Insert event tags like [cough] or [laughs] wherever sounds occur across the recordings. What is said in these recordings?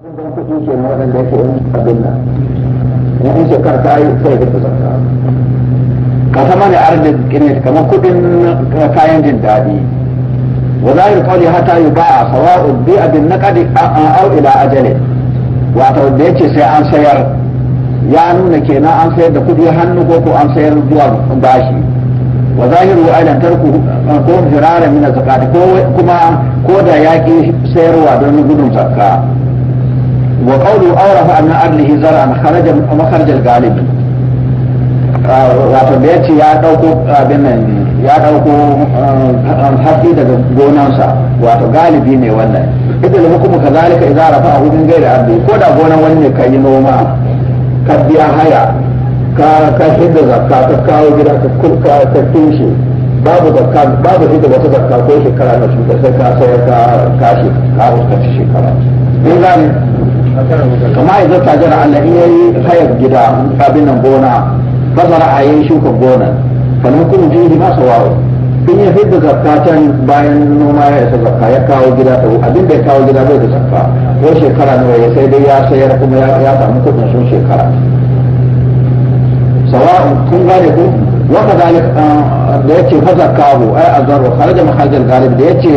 Zan kuɗi ke ta yi sai kamar kuɗin kayan jin daɗi. Wa za hata yi ba a sawa bi abin na an au ila ajale. Wato ya ce sai an sayar ya nuna kenan an sayar da kuɗi hannu ko ko an sayar zuwa bashi. wa zahiru aidan tarku ko firara min zakati ko kuma ko da yaki sayarwa don gudun zakka وقوله أورف أن أبنه زرعا خرج مخرج الغالب wato da ya ce ya ɗauko abin nan ya ɗauko hatsi daga gonansa wato galibi ne wannan idan hukumu ka zalika idan rafa a hudun gaira abdi ko da gonan wani ne ka yi noma ka biya haya ka ka hidda zakka ka kawo gida ka kurka ka kinshe babu zakka babu hidda wata zakka ko shekara na shuka sai ka sai ka kashe ka huskaci shekara in kama ya zata jira Allah in yayi hayar gida abin nan gona bazara a yayin shuka gona fa nan kuma jihi ma wawo in ya fidda zakka can bayan noma ya isa zakka ya kawo gida ta abin da ya kawo gida bai da zakka ko shekara nawa ya sai dai ya sayar kuma ya samu kudin sun shekara sawa'un kun gane ku wa dalib ah, da yace fa zakkahu ai azarru kharaja mahajal galib da yace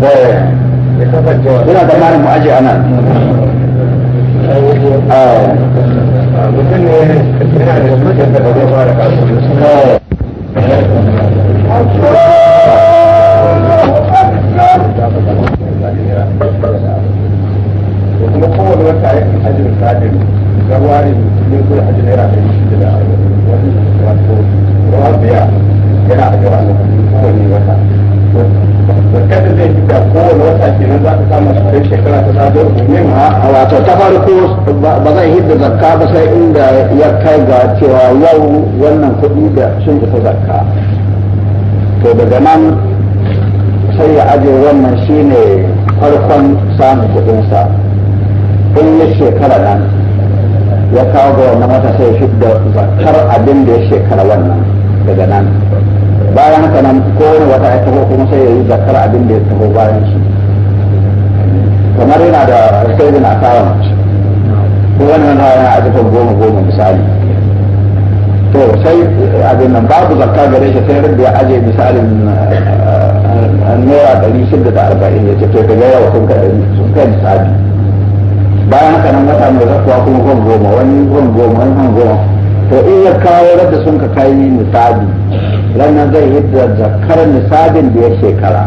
Ina tsammanin mu aje ana. Mutum yana da mutum da kuma kowane ne wato yana wata kada zai fita kowane wata kenan za ka samu su kai shekara ta sadar domin a wato ta farko ba zai hidda zakka ba sai inda ya kai ga cewa yau wannan kuɗi da sun zakka to daga nan sai ya ajiye wannan shine farkon samun kuɗinsa in ya shekara nan ya kawo ga wannan wata sai ya fidda zakkar abin da ya shekara wannan daga nan bayan haka nan kowane wata ya taho kuma sai ya yi zakar abin da ya taho bayan shi kamar yana da saving kawo ko wani wani yana azufan goma goma misali to sai eh, abin nan babu zakar gare shi sai rabbi ya aje misalin eh, eh, naira ɗari shida da arba'in ya ce to daga yawa wa sun kai misali bayan haka nan wata mai zakuwa kuma goma goma wani gwan goma wani gwan goma to in ya kawo da sun ka kai misali wannan zai yi da zakar nisabin da ya shekara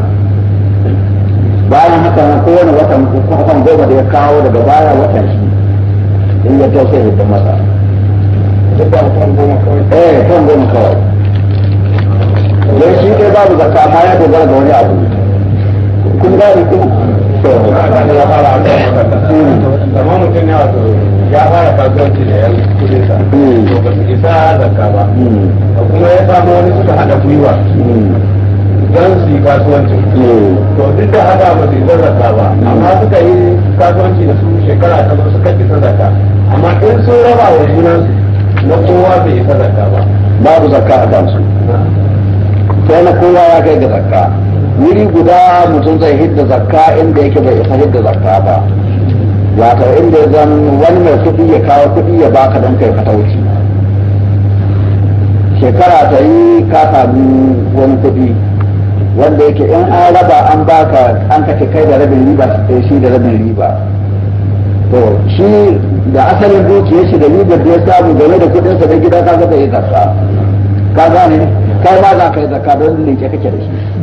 bayan haka nan kowane watan kwakwan goma da ya kawo daga baya watan shi in ya tausa ya da masa eh kan goma kawai don shi kai babu zakka amma ya dogara ga wani abu kun gane ku to hmm. kamar mutum ya wato ya fara kasuwanci da yan kudinsa hmm. to ba su isa zakka ba hmm. kuma ya samu wani suka hada gwiwa hmm. don su yi kasuwancin to duk da haka ba su isa zakka ba amma suka yi kasuwanci da su shekara ta zo suka isa zakka amma in sun raba wa junansu na kowa bai isa zakka ba babu zakka a kansu sai na kowa ya kai ga zakka wuri guda mutum zai hidda zakka inda yake bai isa hidda zakka ba wato inda zan wani mai kuɗi ya kawo kuɗi ya baka don kai fatauci shekara ta yi ka samu wani kuɗi wanda yake in an raba an baka an kace kai da rabin riba eh, shi da rabin riba to shi da asalin dukiyar shi da ribar da ya samu game da kuɗin sa da gida ka ga zai yi zakka ka gane kai ma za ka yi zakka don leke kake da shi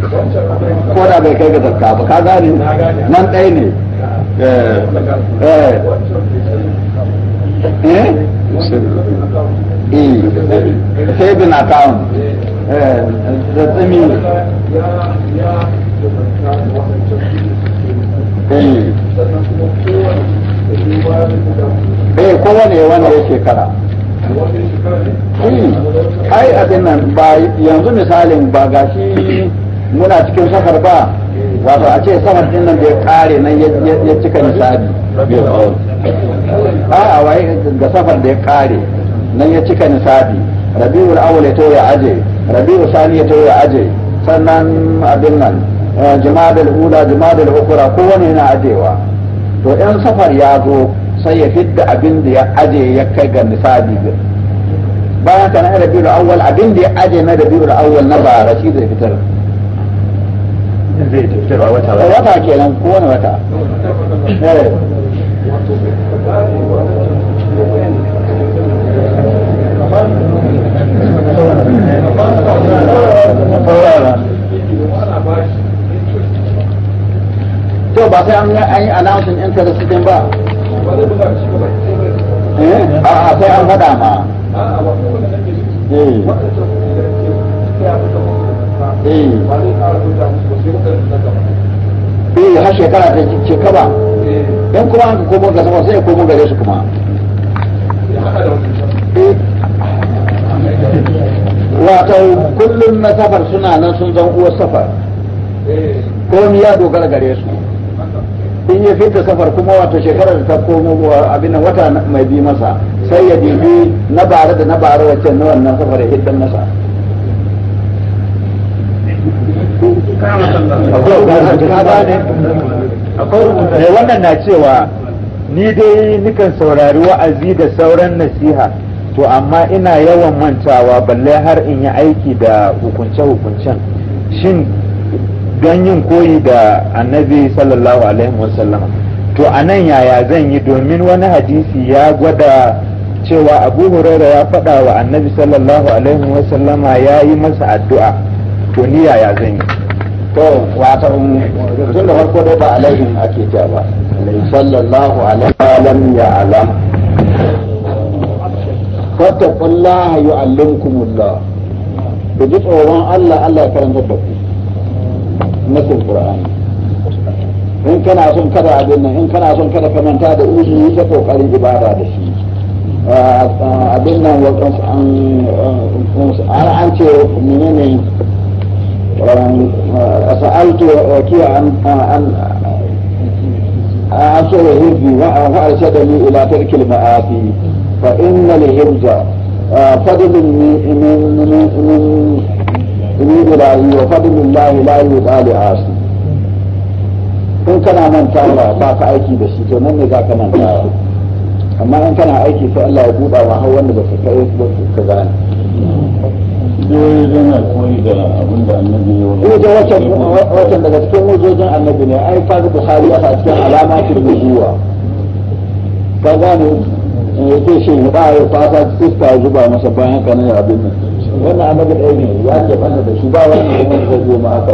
ko da bai kai ga zakka ba ka gane nan ɗaya ne eh, eh. Eh? sai bin account da tsimi eh kowane wanda ya shekara ai abin nan ba yanzu misalin ba gashi muna cikin safar ba wato a ce safar din nan da ya kare nan ya cika nisabi a a waye ga safar da ya kare nan ya cika nisabi rabiul awwal ya to ya aje rabiul sani ya ya aje sannan abin nan eh, jama'al ula jama'al ukhra kowane yana ajewa to ɗan safar ya zo sai ya fidda abin da ya aje ya kai ga nisabi bayan kana rabiul awwal abin da ya aje na rabiul awwal na ba shi zai fitar zai wata ba wata kenan ko wani wata eh. to ba sai an yi announcing interest din ba eh, a sai an faɗa ma eh. eh har shekara ta ce kaba eh. Dan kuma an komo ga sama sai komo gare su kuma eh. wato kullum na safar suna nan sun zan uwar safar eh. komi ya dogara gare su in ya fita safar kuma wato shekarar ta komo abin nan wata mai bi masa sai ya dibi na bare da na bare wacce na wannan safar ya hiddan masa mai wannan na cewa ni dai nikan saurari wa'azi da sauran nasiha to amma ina yawan mantawa balle har in yi aiki da hukunce-hukuncen shin don yin koyi da annabi sallallahu alaihi wasallam to a nan yaya zan yi domin wani hadisi ya gwada cewa abu huraira ya faɗa wa annabi sallallahu alaihi wasallama ya yi masa addu'a to ni yaya zan yi to wata tun da farko dai ba alaihim ake ta ba sallallahu alaihi wa lam ya alam fattaqullaha yu'allimkumullah ku ji tsoron Allah Allah ya karanta da ku nasin qur'ani in kana son kada abin nan in kana son kada ka manta da uzu yi ta kokarin ibada da shi ah, ah, abin nan ah, an ce menene وسألت وكيع عن عن عن شغل هرزي وارشدني الى ترك المآتي فإن الهرز فضل من من من من إلهي وفضل الله لا يدعى لعاصي إن كان من تارى باك أيكي بشيك ومن نزاك من تارى أما إن كان أيكي فإلا يبوضى وهو أن بسكيت بسكيت بسكيت rijiyoyi zana da annabi ya wani wajen daga cikin ne ai kaga bukhari ya sa cikin alamatin ka gane eh, shi ba ya iska zuba masa bayan kana ya abin nan ne ne wanda zai zo ma aka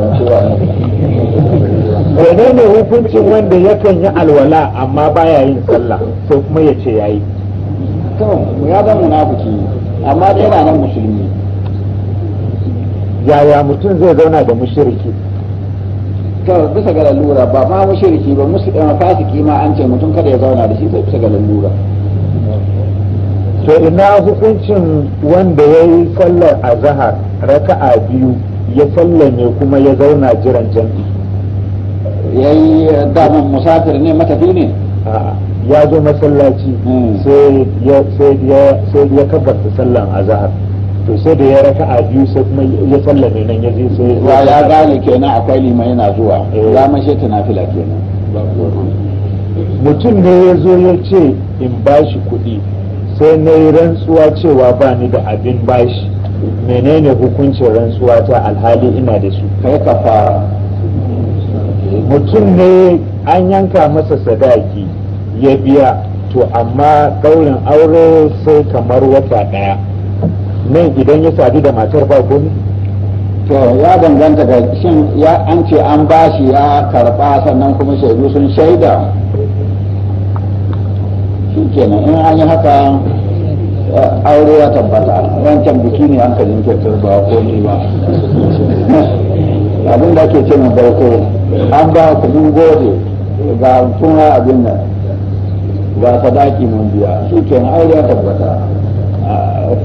yakan yi alwala amma baya yin sallah sai kuma ya ce yayi to ya zama munafiki amma da yana nan musulmi yaya mutum zai zauna da mushriki to bisa ga lalura ba ma mushriki ba musulman eh, fasiki ma an ce mutum kada ya zauna da shi sai bisa ga lalura to ina hukuncin wanda ya yi sallar azahar raka'a biyu ya ne kuma ya zauna jiran jam'i ya yi eh, daman musafir ne matafi ne ya zo masallaci hmm. sai ya kabarta sallan azahar to sai da ya raka a biyu sai kuma ya sallame nan ya je sai ya ya gane kenan akwai liman yana zuwa ya eh. mashe ta nafila kenan mutum ne ya zo ya ce in ba shi kuɗi sai na yi rantsuwa cewa ba ni da abin bashi menene hukuncin rantsuwa ta alhali ina da su kai ka fara mutum ne an yanka masa sadaki ya biya to amma kaurin aure sai kamar wata ɗaya ne idan ya sadu da matar ba komi to ya danganta ga shin ya an ce an shi ya karba sannan kuma shaidu sun shaida shi kenan in an yi haka aure ya tabbata wancan biki ne an kalin kyautar ba ko ni ba [laughs] abin da ke ce mai barko an ba ku mun gode ga tun abin nan ga sadaki mun biya shi kenan aure ya tabbata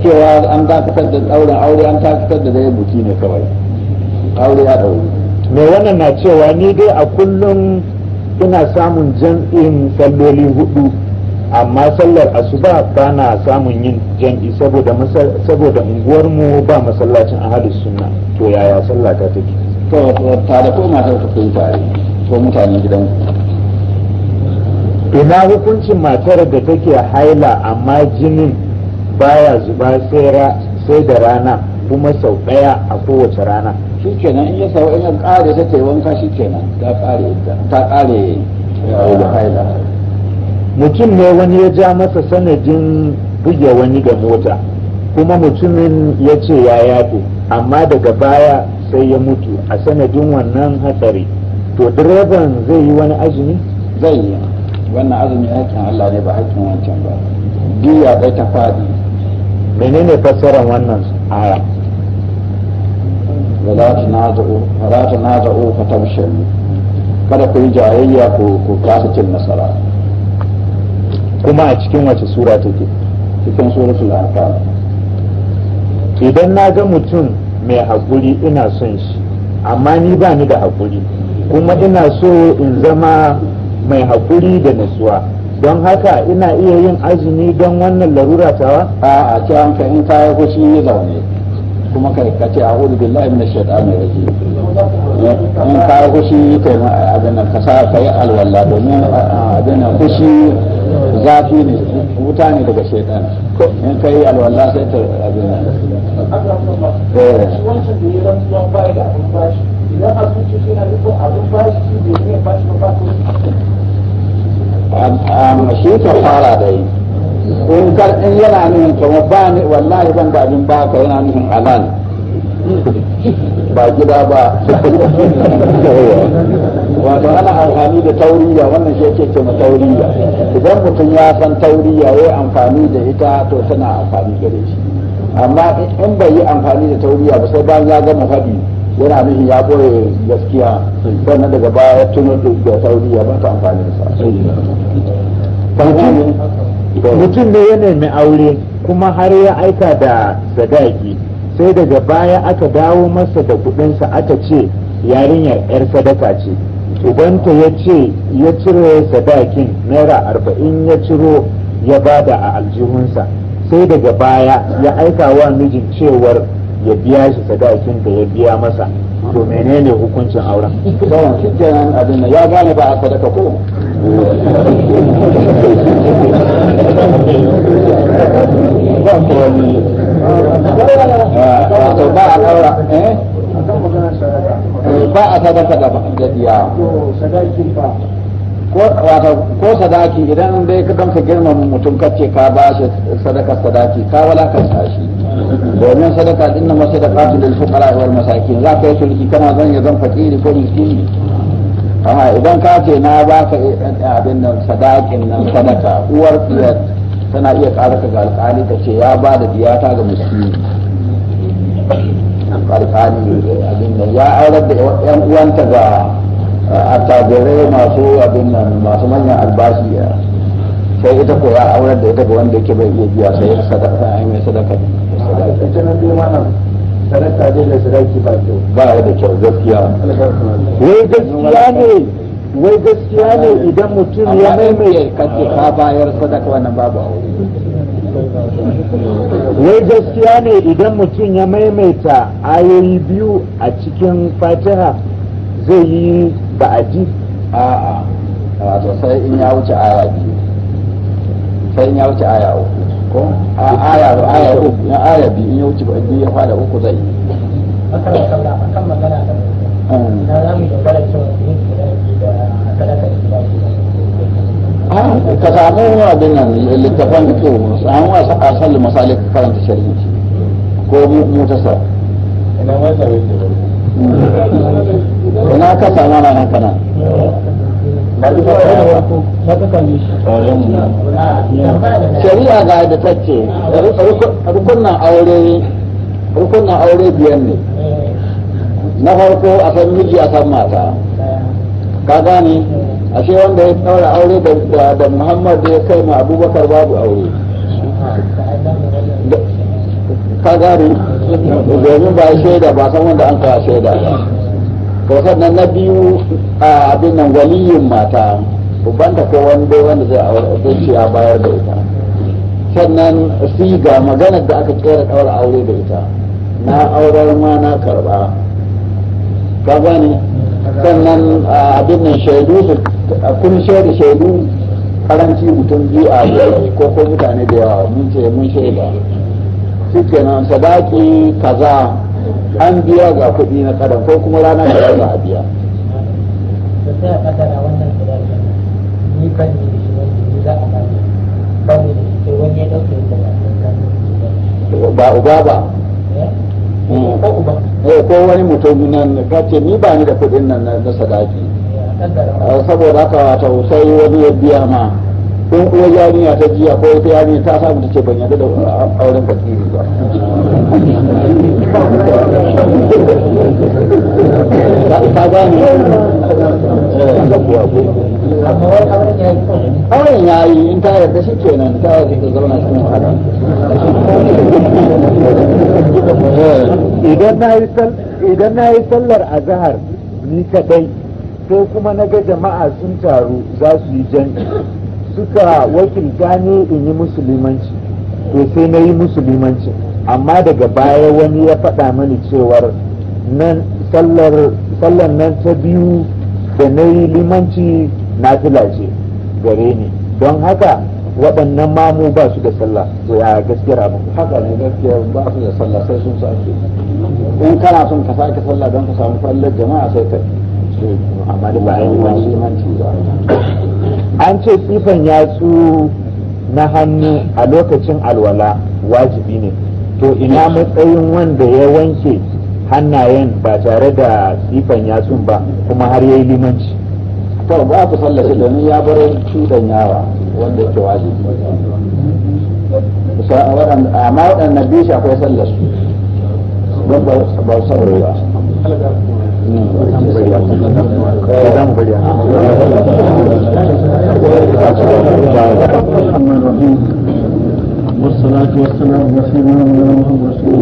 cewa an dakatar da ɗaurin aure an dakatar da zai buki ne kawai aure ya ɗauri mai wannan na cewa ni dai a kullum ina samun jan'in salloli hudu amma sallar asuba ba na samun yin jan'i saboda saboda unguwarmu ba masallacin ahalus sunna to yaya sallah ta take to tare ko matar ku kun tare ko mutanen gidan ina hukuncin matar da take haila amma jinin baya zuba sai da rana kuma sau ɗaya a kowace rana shi kenan in ya sau in ya ƙare ta ta wanka shi kenan ta ƙare ta ƙare eh, haila mutum ne wani ya ja masa sanadin buge wani da mota kuma mutumin ya ce ya yafe amma daga baya sai ya mutu a sanadin wannan hatsari to direban zai yi wani azumi zai yi wannan azumi aikin Allah ne ba aikin wancan ba biya ɗaya ta faɗi menene fassarar wannan aya wala ta na za'o ka taushen kada ku yi jayayya ku kasa cin nasara kuma a cikin wace sura take cikin suratul anfal idan na ga mutum mai haƙuri ina son shi amma ni ba ni da haƙuri kuma ina so in zama mai haƙuri da nutsuwa don haka ina iya yin azumi don wannan larura tawa a a an ka in kai shi ne zaune kuma kai ka ce a'udhu billahi minash shaitanir rajim in shi, fushi kai abin nan ka sa kai alwala domin abin nan shi zafi ne wuta ne daga shaitan in kai alwala sai ta abin nan eh abin bashi shi ka fara da yi in kar in yana nufin kamar ba ni wallahi ban da abin baka yana nufin halal ba gida ba wato ana amfani da tauriya wannan shi yake ce tauriya idan mutum ya san tauriya ya yi amfani da ita to tana amfani gare shi amma in bai yi amfani da tauriya ba sai bayan ya gama faɗi yana abin ya boye gaskiya sannan daga baya tuno da saudiya ba ta amfani da sa mutum ne ya mai aure kuma har ya aika da sadaki sai daga baya aka dawo masa da kudinsa aka ce yarinyar 'yar sadaka ce ubanta ya ce ya cire sadakin naira arba'in ya ciro ya bada a aljihunsa sai daga baya ya aika wa mijin cewar ya biya shi sadakin da ya biya masa to menene hukuncin auren abin ya gane ba a sadaka ko ba a eh? ba a sadaka da biya ko sadaki idan dai ka gamsa girmama mutum kace ka ba shi sadaka sadaki ka wala ka shi domin sadaka din nan masadaqatu lil fuqara wal masakin za ka yi sulki kana zan ya zan fakiri ko miskini amma idan ka ce na baka eh, abin nan sadakin nan sadaka uwar fiyar tana iya ƙara ka ga alƙali ta ce ya ba da biyata ga miskini alƙali abin nan ya aurar da yan uwanta ga eh, attajirai masu abin nan masu manyan albashi eh. sai ita ko ya aurar da ita ga wanda yake bai iya biya sai sadaka ai mai sadaka a wai gaskiya ne idan mutum ya maimaita ayoyi biyu a cikin fatiha zai yi ba'adi a'a wato sai in ya wuce aya biyu sai in ya wuce aya uku ko a aya aya uku aya biyu in ya wuce biyu ya fada uku zai akan magana akan hmm. yi magana cewa yin da sadaka da ah, ka samu abin a asal masalik karanta shari'i ko sa. Hmm. ina ka samu ranar kana hmm. shari'a ga da ta rukunan aure rukunan aure biyar ne na farko a san miji a san mata ka gane ashe wanda ya ɗaura aure da muhammad ya kai ma abubakar babu aure ka gane domin ba shaida ba san wanda an kawo shaida ba to sannan na biyu a abin nan waliyin mata ta ko wani wanda zai aure zai ce a bayar da ita sannan siga maganar da aka kera daura aure da ita na aurar ma na karba ka gani sannan abin nan shaidu su kun shaidu shaidu karanci mutum biyu a ko ko mutane da yawa mun ce mun shaida shi kenan sadaki kaza an biya ga kuɗi na kadan ko kuma rana da za a biya ba uba eh? Hmm. Eh, eh, ko wani mutum nan ka ce ni ba ni da kuɗin nan na sadaki saboda haka wata sai wani ya biya ma in kuma yarinya ta jiya ko wata yarinya ta samu ta ce ban yarda da ah, auren fakiri ba cikin eh. idan na yi sallar azahar ni kadai sai kuma na ga jama'a sun taru za su yi janki suka wakilta ne in yi musulmanci to sai na yi musulmanci amma daga baya wani ya faɗa mani cewar nan sallar nan ta biyu da na yi limanci na filace gare ni don haka waɗannan mamu ba su da sallah to ya gaskiyar ba haka ne gaskiyar ba su da sallah sai sun sa su in kana son ka sake sallah don ka samu fallar jama'a sai ka amma da ba a yi limanci ba an ce tsifan yatsu na hannu a lokacin alwala wajibi ne to ina matsayin wanda ya wanke hannayen ba tare da tsifan yatsun ba kuma har ya yi limanci to ba ku sallace domin ya bar cutan yawa wanda ke wajibi amma waɗanda biyu shi akwai sallar su ba su saurari ba الرحمن الرحيم والصلاة والسلام على سيدنا محمد رسول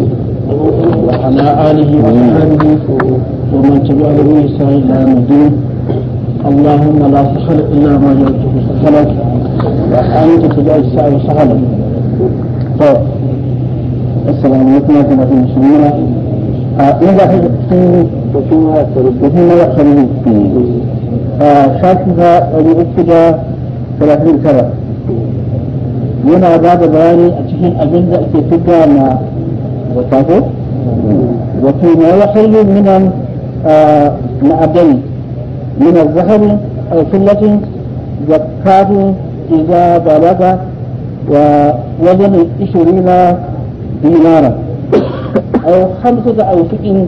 الله وعلى آله وصحبه ومن تبعه بإحسان إلى يوم الدين اللهم لا سخل إلا ما جعلته سخلك وأنت تجعل السعي سخلك السلام عليكم ورحمة الله وبركاته ماذا في مما يحصل به فشاكها لأكد ثلاثين كذا yana ba da bayani a cikin abin da ake fidda na wato wato ma wahayi minan ma'adani min al-zahari aw sullatin zakatu idza balaga wa wazan 20 dinara أو خمسة أو أوسق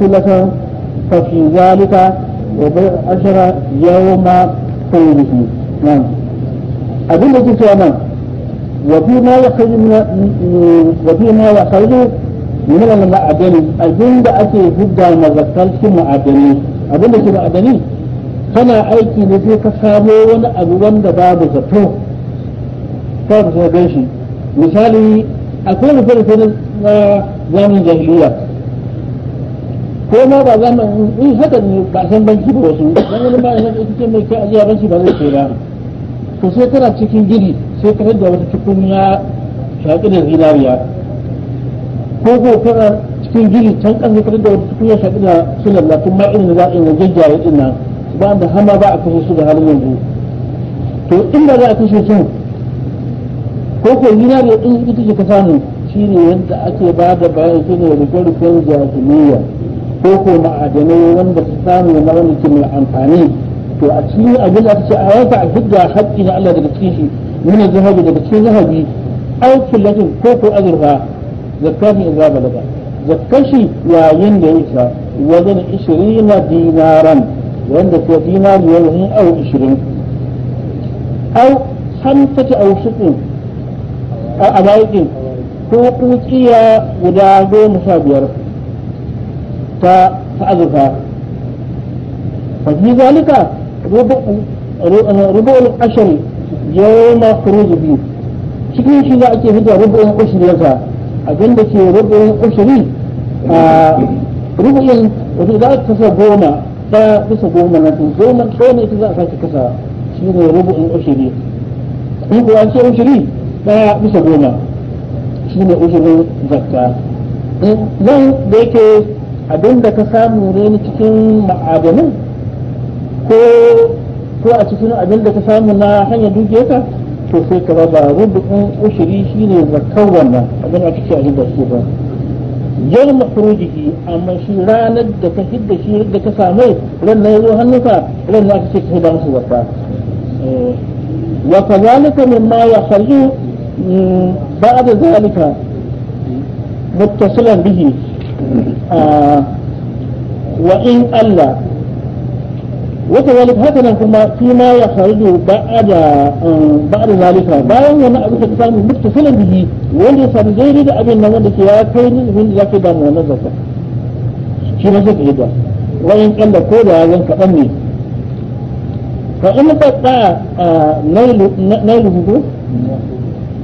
ثلثا ففي ذلك وبيع عشر يوم قوله نعم أدلة الجامع وفيما يخرج من وفيما يخرج من المعدن أجند أتي جدا مذكر في معدني أبدا في معدني kana أيكي da sai ka samo wani abu wanda مثالي أكون kawai ka wani jahiliya ko ma ba zaman in haka ne ba san banki ba wasu dan wani ba san ita ce mai kai ajiya banki ba zai ce ba to sai tana cikin gidi sai ka da wata tukunya shaƙi da zinariya ko ko kana cikin gidi can kan ka da wata tukunya shaƙi da sunan tun ma irin da yi jajjaye din nan ba da hama ba a kashe su da halin yanzu to inda za a kashe su ko ko zinariya din ita ce ka samu shine yadda ake ba da bayan shine rike-riken jahiliya ko ko ma'adanai wanda su samu na wani ke mai amfani to a cikin abin da ce a wata a dukkan haƙƙi na Allah daga cikin shi mini zahabi daga cikin zahabi aiki latin ko ko azurfa zakati in zaba daga zakashi yayin da ya isa wajen ishirina dinaran wanda ko dinari yanzu au ishirin au hamsati au shukin a bayan ko kuciya guda goma sha biyar ta azurfa fa fi zalika rubu'ul ashari yawma khuruj bi cikin shi za a ce hijja rubu'in ushriyarsa abinda ke rubu'in ushri a in wato za a kasa goma ta bisa goma na tun goma tsoni ne ita za a sake kasa shi ne rubu'in ushri in kuwa ce ushri ta bisa goma shi ne uzurin zakka nan eh, da yake abin da ka samu ne cikin ma'adanin ko ko a cikin abin da ka samu na hanyar dukiyarka to sai ka raba rubutun ushiri shine zakkar wannan abin a cikin abin da ke ba yau mafurujihi amma shi ranar da ka hidda shi da ka samu ran na yazo hannunka ran na ka ce ka hidda musu zakka eh, wa kazalika mimma yakhlu بعد ذلك متصلا به آه وإن ألا وكذلك هكذا كما فيما يخرج بعد بعد ذلك bayan wani abu da samu muttasalan bihi wanda ya samu daidai da abin nan wanda ke ya kai ni abin da zaka ba mu wannan zakka shi ne sai ka wayan kan da ko da ya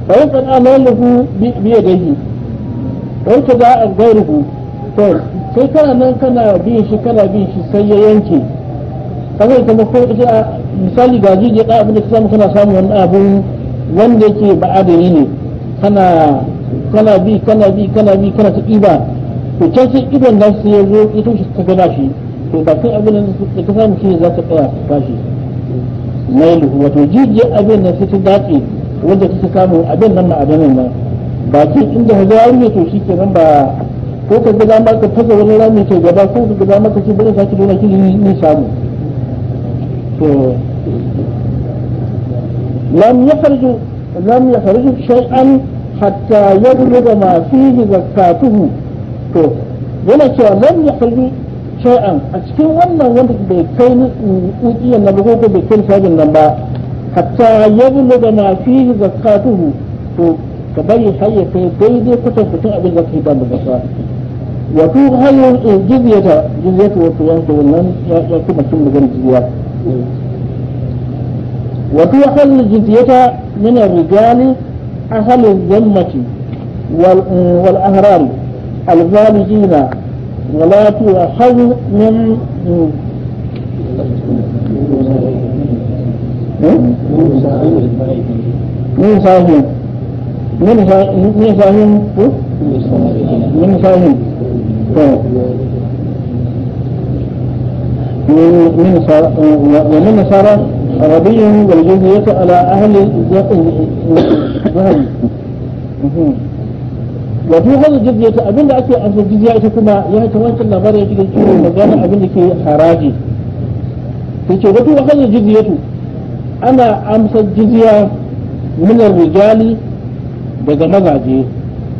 وإن قد أماله بيده وإن قد غيره sai kana nan kana bin shi kana bin shi sai ya yanke saboda kuma ko ita misali ga jijiya da abin da ka samu kana samu wani abu wanda yake ba adali ne kana kana bi kana bi kana bi kana ta ƙiba to can sai ƙiban da su ya zo ita shi ka gaba shi to ba kai abin da ka samu shi za ka tsaya ka shi mai wato jijiya abin da sai ta dace wajen su samu abin nan na abin nan ba baki inda ka ga ne to shi kenan ba ko ka ga dama ka fasa wani rami ke gaba ko ka ga dama ka ce bari saki dole ki ne samu to lam yakhruju lam yakhruju shay'an hatta yabluga ma fihi zakatuhu to yana cewa lam yakhruju shay'an a cikin wannan wanda bai kai ni ukiyan na ba ko bai kai sajin nan ba حتى يبلغ ما فيه زكاته كبي حي في البيض كتب كتب أبي الزكاة الزكاة وتوغ هاي الجزية جزية وطيان جولان يكون مكتوب لغن الجزية وتوغ هاي الجزية من الرجال أهل الذمة والاهرام الظالجين ولا تؤخذ من إيه؟ من صاحب من صاحب من صاحب إيه؟ من صاحب طيب. من صاحب من صاحب ومن صار ربيع والجزية على أهل وفي هذا الجزية أبن لأكي أبن الجزية كما يهي تواجه الله بريد الجزية مجانا أبن لكي حراجي في شبكة وهذا الجزية ana amsa jizya min rijali daga mazaje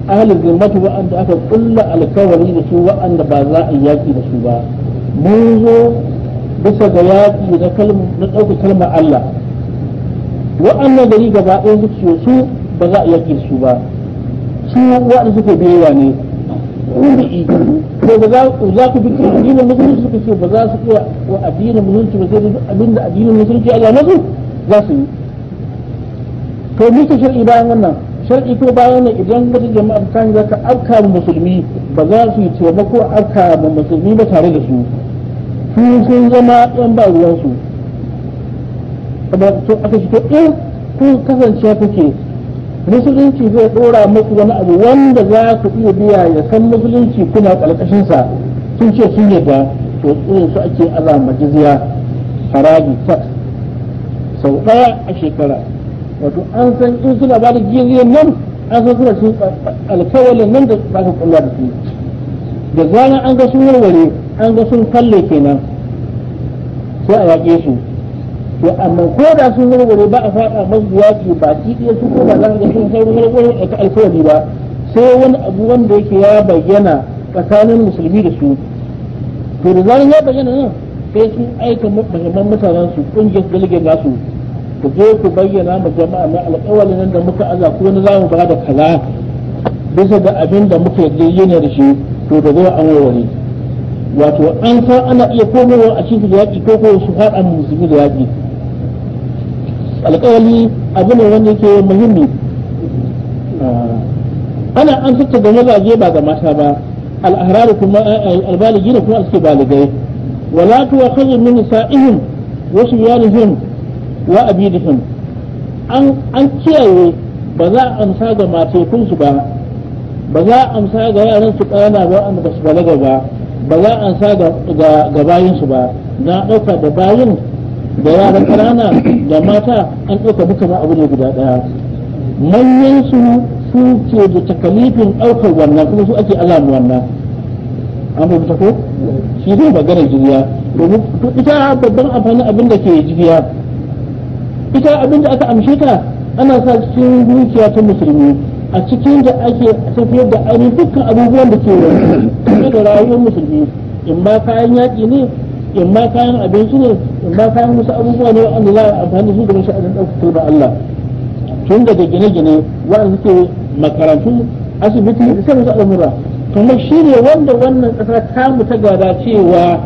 ahalin zimmatu wa'anda aka kulla alkawari da su wa'anda ba za a yaki da su ba mun zo bisa ga yaƙi na na ɗauka kalmar Allah wa'annan gari gaba ɗaya suke su ba za a yaƙi da su ba su wa'anda suke biyewa ne ko ba za ku bi addinin musulunci suka ce ba za su iya wa addinin musulunci ba sai abinda addinin musulunci Allah na su za su yi to ni ta shar'i bayan wannan shar'i ko bayan ne idan wata jama'a kan zaka afka musulmi ba za su yi taimako afka ma musulmi ba tare da su su sun zama yan ba ruwan su to aka shi to in kun kasance kuke musulunci zai ɗora muku wani abu wanda za ku iya biya ya san musulunci kuna karkashin sa sun ce sun yadda to irin su ake azama jizya haraji tax sau ɗaya a shekara wato an san in suna ba da jiziyar nan an san suna sun alkawalin nan da ba ka kulla da su da zanen an ga sun warware an ga sun kalle kenan sai a yaƙe su to amma ko da sun warware ba a faɗa masu ke ba ci ɗaya su ko ba za ga sun sauran warware a ta alkawari ba sai wani abu wanda yake ya bayyana tsakanin musulmi da su to da zanen ya bayyana nan sai su aika muhimman mutanen su kungiyar dalilin nasu ku je ku bayyana ma jama'a na alƙawalin nan da muka aza ko na zamu bada da kaza bisa ga abin da muka yi yana da shi to da zai an wani wato an san ana iya komowa a cikin yaƙi ko ko su faɗa musulmi da yaƙi alƙawali abu ne wanda yake muhimmi ana an tattaga mazaje ba ga mata ba al'ahrar kuma albaligi ne kuma suke baligai ولا تؤخذ من نسائهم وصبيانهم وأبيدهم an an kiyaye ba za a amsa ga matekunsu ba ba za a amsa ga yaran su ƙana ba ba su balaga ba ba za a amsa ga bayinsu ba na ɗauka da bayin da yaran ƙanana da mata an ɗauka duka ma abu ne guda ɗaya manyan su su ke da takalifin ɗaukar wannan kuma su ake alamu wannan an rubuta ko shi zai magana jiriya domin ita babban amfanin abin da ke jiriya ita abin da aka amshe ta ana sa cikin dukiya ta musulmi a cikin da ake tafiyar da aure dukkan abubuwan da ke wani da rayuwar musulmi in ba kayan yaƙi ne in ba kayan abinci ne in ba kayan wasu abubuwa ne wanda za a amfani su domin sha'anin ɗaukar da Allah tun daga gine-gine waɗanda suke makarantu asibiti sai wasu al'amura kuma shi ne wanda wannan ƙasa ta ta gada cewa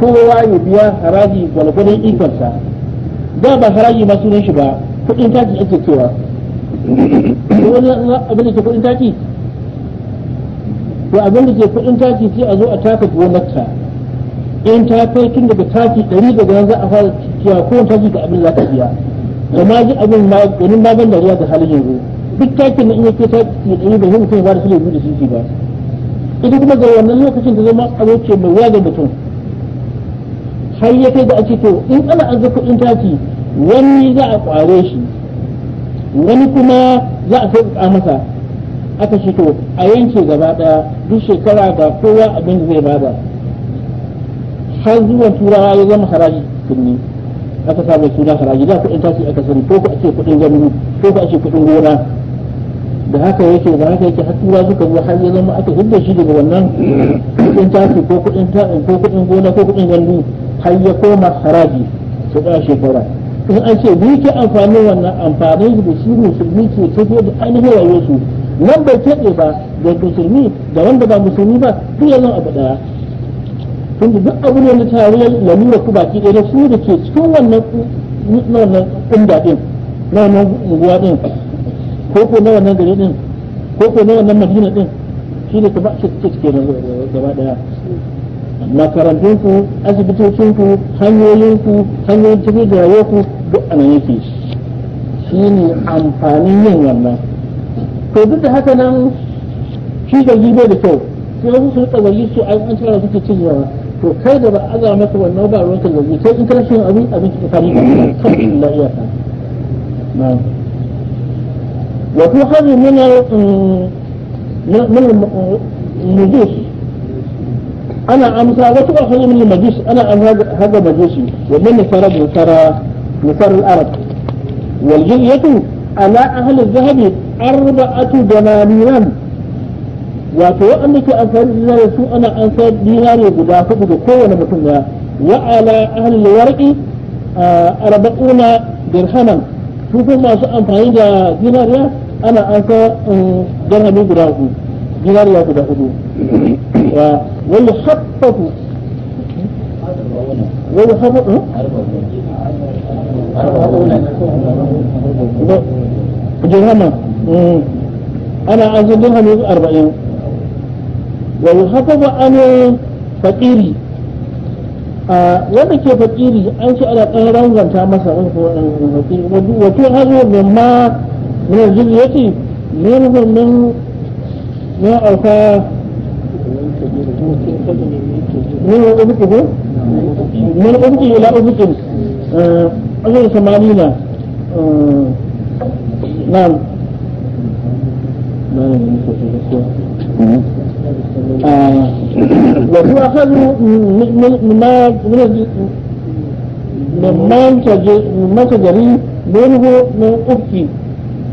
kowa ya biya haraji gwalgwadon ikonsa da ba haraji ma sunan shi ba kuɗin taki ake cewa wani abin da ke kuɗin taki to abin da ke kuɗin taki sai a zo a taka gonarta in ta kai tun daga taki ɗari daga nan za a fara ko kowane taki ga abin za ka biya da ma ji abin ma ganin ma ban dariya da halin yanzu duk takin na in yake taki ɗari bai mutum ba da su ne da shi ba ita kuma ga wannan lokacin ta zama a wuce mai waga mutum har ya kai da a to in ana an zafi kuɗin taki wani za a kware shi wani kuma za a a masa aka shi to a yanke gaba ɗaya duk shekara ga kowa abin da zai bada har zuwa turawa ya zama haraji kunni aka samu suna haraji da kuɗin taki aka sani ko ku ake kuɗin gani ko ku ake kuɗin gona da haka yake da haka yake har tura suka zo har ya zama aka hidda shi daga wannan kudin tafi ko kudin ta'in ko kudin gona ko kudin gandu har ya koma haraji su ɗaya shekara in an ce ni ke amfani wannan amfani da shi musulmi ke tafiye da ainihin rayuwarsu nan bai keɓe ba da musulmi da wanda ba musulmi ba duk ya zama abu ɗaya tunda duk abu ne na tarayyar lalura ku baki ɗaya na su da ke cikin wannan wannan ɗin na wannan unguwa ɗin ko ko na wannan gari din ko ko na wannan madina din shi ne kuma shi ce cike gaba daya makarantun ku asibitocin ku hanyoyin ku hanyoyin cikin da rayuwar ku duk anan yake shi ne amfanin yin wannan to duk da haka nan shi da bai da kyau sai wasu su rika zargi su an an tsara suke yawa to kai da ba a za maka wannan ba ruwan kan zargi sai in kana shi abin abin ka fari ba kan Allah ya sa na'am وفي حاجة من من المجوس أنا أمثال هذا تبغى من المجوس أنا أم هذا مجوسي ومن فرد نصر نصر الأرض والجنية على أهل الذهب أربعة دنانير وفي أنك أنصار الذهب أنا أنصار دينار يقول لا تقول وعلى أهل الورق آه، أربعون درهما شوفوا ما سأنفعين دينار يا ana an sa dirhami guda uku dinariya guda hudu wa wal habbatu wal habbatu ana an sa dirhami 40 an wanda ke fakiri an ce ana ɗan ranzanta masa wani wato hazo ma من الجزية منهم من ما أوفى من أبكه من أبكه إلى أبكه آه، أجر ثمانين آه، نعم آه، وهو أخذ من مما تجري منه من أبكي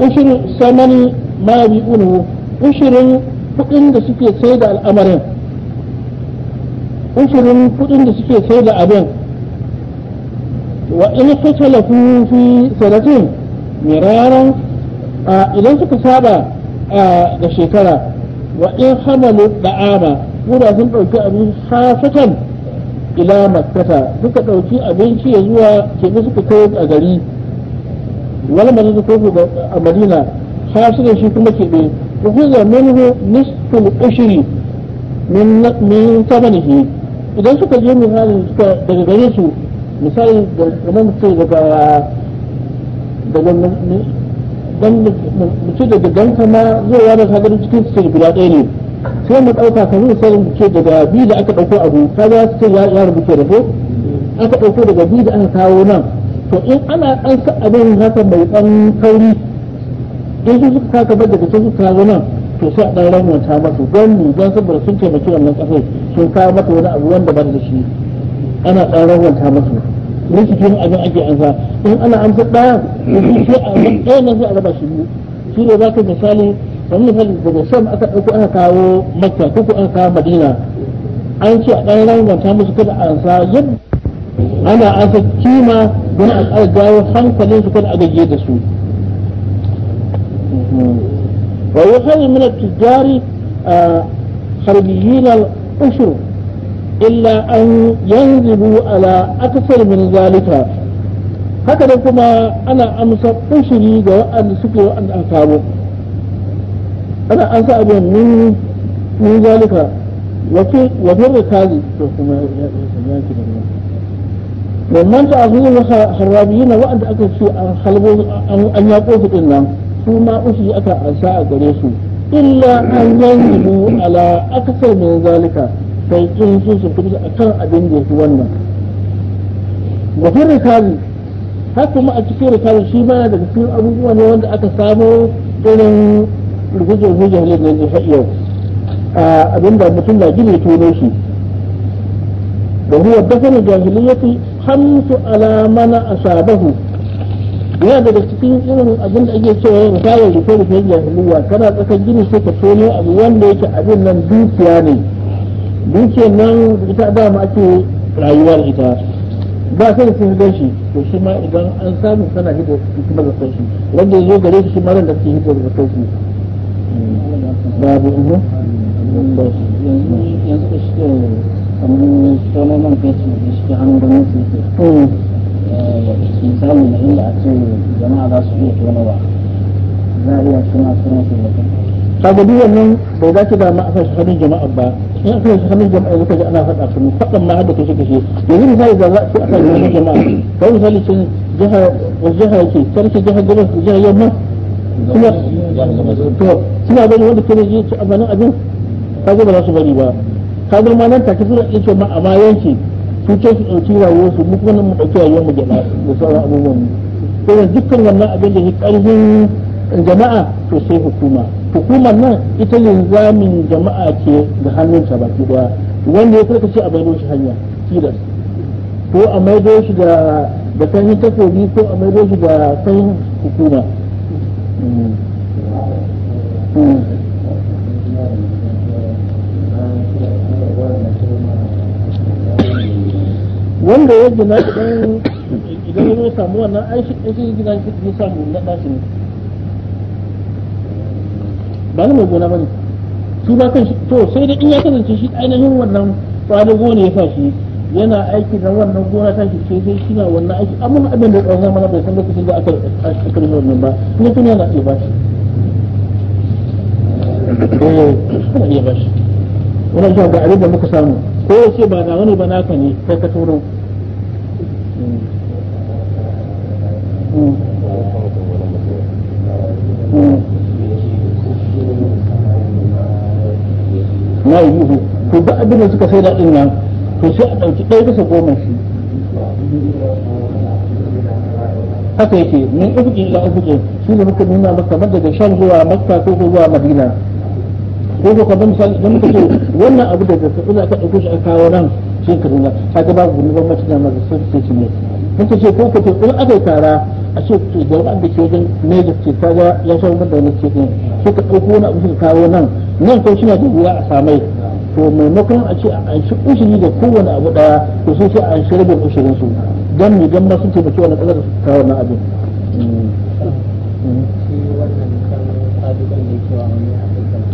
ushirin samani ma yabi'unahu ushirin kuɗin da suke sai da al'amarin ushirin kuɗin da suke sai da abin wa in fasala fi sanatin miraran idan suka saba da shekara wa in hamalu ama guda sun ɗauki abin hafatan ila makkata suka ɗauki abinci ya zuwa bi suka kai a gari wal madina ko ga a madina su da shi kuma kiɗe wa huza minhu nisful ushri min min thamanihi idan suka je misali suka daga gare su misali da kamar mutum daga daga dan mutum daga dan kama zai yana kagar cikin su guda ɗaya ne sai mu ɗauka kamar sai mu ce daga biyu da aka ɗauko abu kaga su ya rubuce da ko aka ɗauko daga biyu da aka kawo nan to in ana sa abin haka mai ɗan kauri in su suka kaka bada da su suka kawo nan to sai a ɗan ramunta masu don mu don saboda sun ce taimaki wannan ƙasar sun kawo mata wani abu wanda ba da shi ana ɗan ramunta masu nan abin ake ansa in ana amsa ɗaya to sai a ɗaya nan sai a raba shi biyu shi ne za ka misali wani misali daga sham aka ɗauko aka kawo makka ko aka kawo madina an ce a ɗan ramunta musu kada a ansa yadda ana aka kima don a ƙara jawo hankalin su kan agaje da su wa yi hannun mina tujari a harbiyyina ushur illa an yanzibu ala akasar min zalika haka da kuma ana amsa ushiri ga waɗanda suke wa'anda an samu ana an sa abin min min zalika wa fi rikazi to kuma ya yanki da wannan ta azumin harabiyin wa'anda aka ce an halbo an ya kofi din nan su ma ushi aka ansa a gare su illa an yanzu ala akasar min zalika sai in su su kuma akan abin da fi wannan wa fi rikali har kuma a cikin rikali shi ma daga cikin abubuwa ne wanda aka samo irin rugujen hujjar ne da yake abin da mutum na gini tono shi da huwa dafa jahiliyyati alhamdu ala mana asabahu yana daga cikin irin abin da ake cewa yin kayan rufe rufe jahiliya kana tsakar gini sai ka tono abu wanda yake abin nan dukiya ne dukiyar nan ita ba mu ake rayuwa da ita ba sai sun gan shi to shi ma idan an samu kana hidda hikimar da kanshi wanda ya zo gare shi shi ma ran da ke hidda da kanshi babu umu yanzu sauran na hmm. eh, a duk wannan bai dace da ma jama'a ba in aka shi jama'a zaka ji ana faɗa su faɗan ma hada kashe kashe yanzu misali da za ce aka jama'a misali wasu yake sarki gabas yamma suna suna wanda ci abin kaga ba za su bari ba ka zama nan take suna iya ma a bayan su ce su ɗauki rayuwar su mu kuma mu ɗauki rayuwar mu gyaɗa da sauran abubuwan mu to yanzu dukkan wannan abin da ya ƙarfin jama'a to sai hukuma hukumar nan ita zamin jama'a ce da hannunta baki daya wanda ya ce a bayan shi hanya tilas ko a maido shi da da sanyin takobi ko a maido shi da sanyin hukuma hmm. Hmm. wanda ya gina shi ɗan idan ya samu wannan an shi ɗan shi gina shi ya samu na ɗashi ne ba na mai gona ba ne su ba kan shi to sai dai in ya kasance shi ainihin wannan kwadago gona ya sa shi yana aiki na wannan gona ta shi sai sai shina wannan aiki amma abin da tsawon mana bai san lokacin da aka aka rufe wannan ba ne kuma yana iya bashi eh yana iya bashi shi ga abin da muka samu ko yace ba na wani ba naka ne kai ka turo na yi muhu to duk abin da suka sai da ɗin nan to sai a ɗauki ɗaya bisa goma shi haka yake min ila shi muka nuna maka daga shan zuwa makka ko zuwa madina ko ko misali muka ce wannan abu za ka shi a kawo nan sai ka dinga kaga babu wani bambanci da maza sai sai ki ne ce ko kace in aka tara a ce to da wanda ke wajen ne da ke kaga ya sha wannan da wani ke din sai ka wani abu ka kawo nan nan ko shi na da ruwa a samai to maimakon a ce a shi ushiri da kowane abu daya to sai sai an shi ushirin su dan mu dan ma sun taimaki wannan da su kawo wannan abin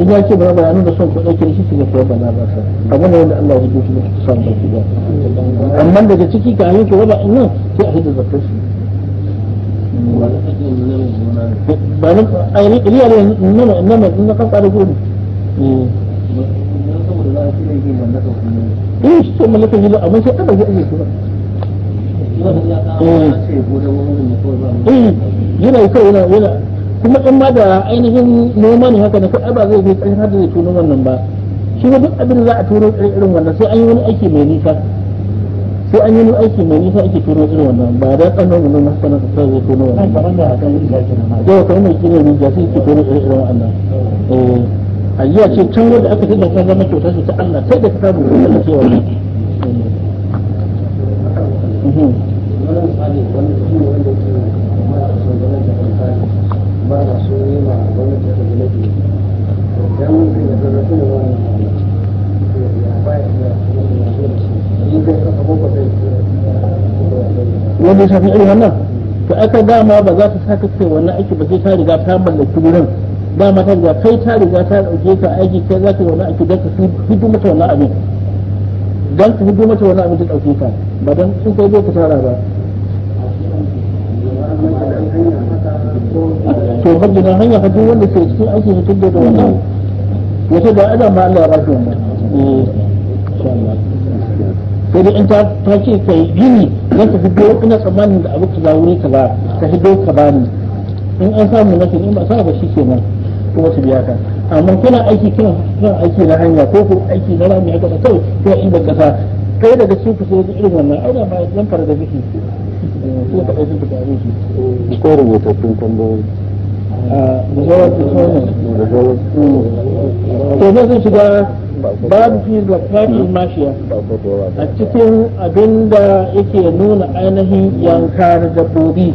in ya ce ba ba nuna son ku ɗauke shi ne ga ba na ba sa abu ne wanda Allah ya rubuta shi ku samu baki ba amma daga ciki ka yanke wada nan sai a hidda zakar shi ba nan ai riya ne nan nan na kan tsare gudu eh shi to mallaka ne amma sai kada ya yi shi ba eh yana kai yana yana kuma in ma da ainihin noma ne haka na kuɗa ba zai je ƙarfin har da zai tono wannan ba shi ne duk abin da za a turo irin wannan sai an yi wani aiki mai nisa sai an yi wani aiki mai nisa ake turo irin wannan ba da ɗan noma noma haka na sai zai tono wannan ba yau kamar mai kiran rijiya sai ke tono irin wannan eh, a jiya ce can wanda aka tada ta zama kyauta ce ta Allah sai da ka samu cewa ne wannan wannan ba da su yi ma gwamnati ta gulabi don mutum ya zara su da wani wani shafi irin wannan to aka dama ba za ta saka ce wannan aiki ba sai ta riga ta mallaki wurin dama ta riga kai ta riga ta dauke ka aiki kai za ta wani aiki don ka hidu mata wannan abin don ka hidu mata wannan abin ta dauke ka ba don in kai zai ka tara ba to majina hanya ka wanda ke cikin aiki su tudde da wannan ya da adam Allah ya wannan sai dai in ta ta ce kai gini zan ka fito ina tsammanin da abu ka za wuri kaza ka fito ka bani in an samu in ba sa ba shi kenan kuma su biya ka amma aiki kina aiki na hanya ko ko aiki na rami haka da kai inda kasa kai daga cikin ku irin wannan aure ma zan da biki su kaɗai ko rubutattun tambayoyi da sauran da da sauran shiga babu fi zakatul mashiya a cikin abin da yake nuna ainihin yankar dabbobi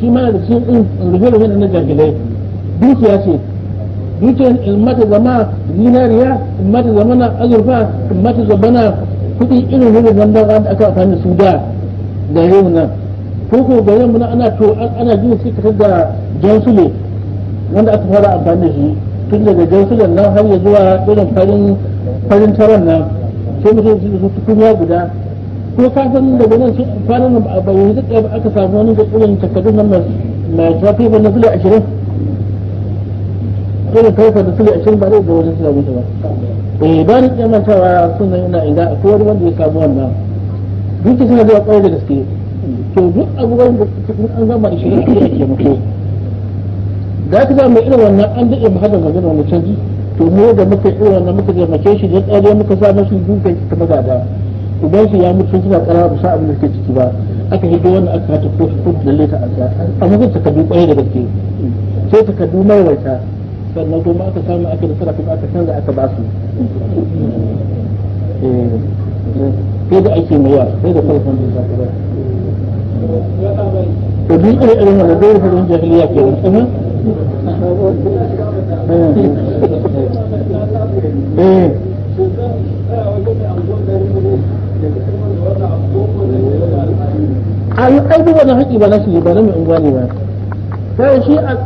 shi ma da shi in rufe-rufe na jahilai dukiya ce dukiyar in mata zama zinariya in mata zama na azurfa in mata zama na kuɗi irin rufe wanda da aka amfani su da da yi nan ko ko yi yamma ana to ana jin su kasar da jansule wanda aka fara amfani da shi tun daga jansulen nan har ya zuwa irin farin farin taron nan sai mutum su tukunya guda ko ka san da wannan su fara nan ba wani zaka ba aka samu wani da irin takaddun nan mai tafi ban na sula 20 irin kawai da sula 20 ba zai ga wani sabu ba eh ba ni kuma cewa sunna ina inda ko wanda ya samu wannan duk da suna zuwa kwarai da gaske to duk abubuwan da an zama 20 ne ke muku da ka mai irin wannan an dade mu hada magana wannan canji to mu da muka irin wannan muka mace shi da tsare muka sa mashi dukai kuma kamar da idan shi ya mutu suna kara ba sa abin da suke ciki ba aka hido wannan aka ta kotu kotu lalle ta aka amma zai takardu kwaye da gaske sai takardu mai wata sannan kuma aka samu aka da sarrafa aka canza aka ba su eh, eh, sai da ake mai sai da da irin wannan jahiliya ke eh, eh. ai ai duk wani haƙi ba na shi ba na mai unguwa ne ba sai shi a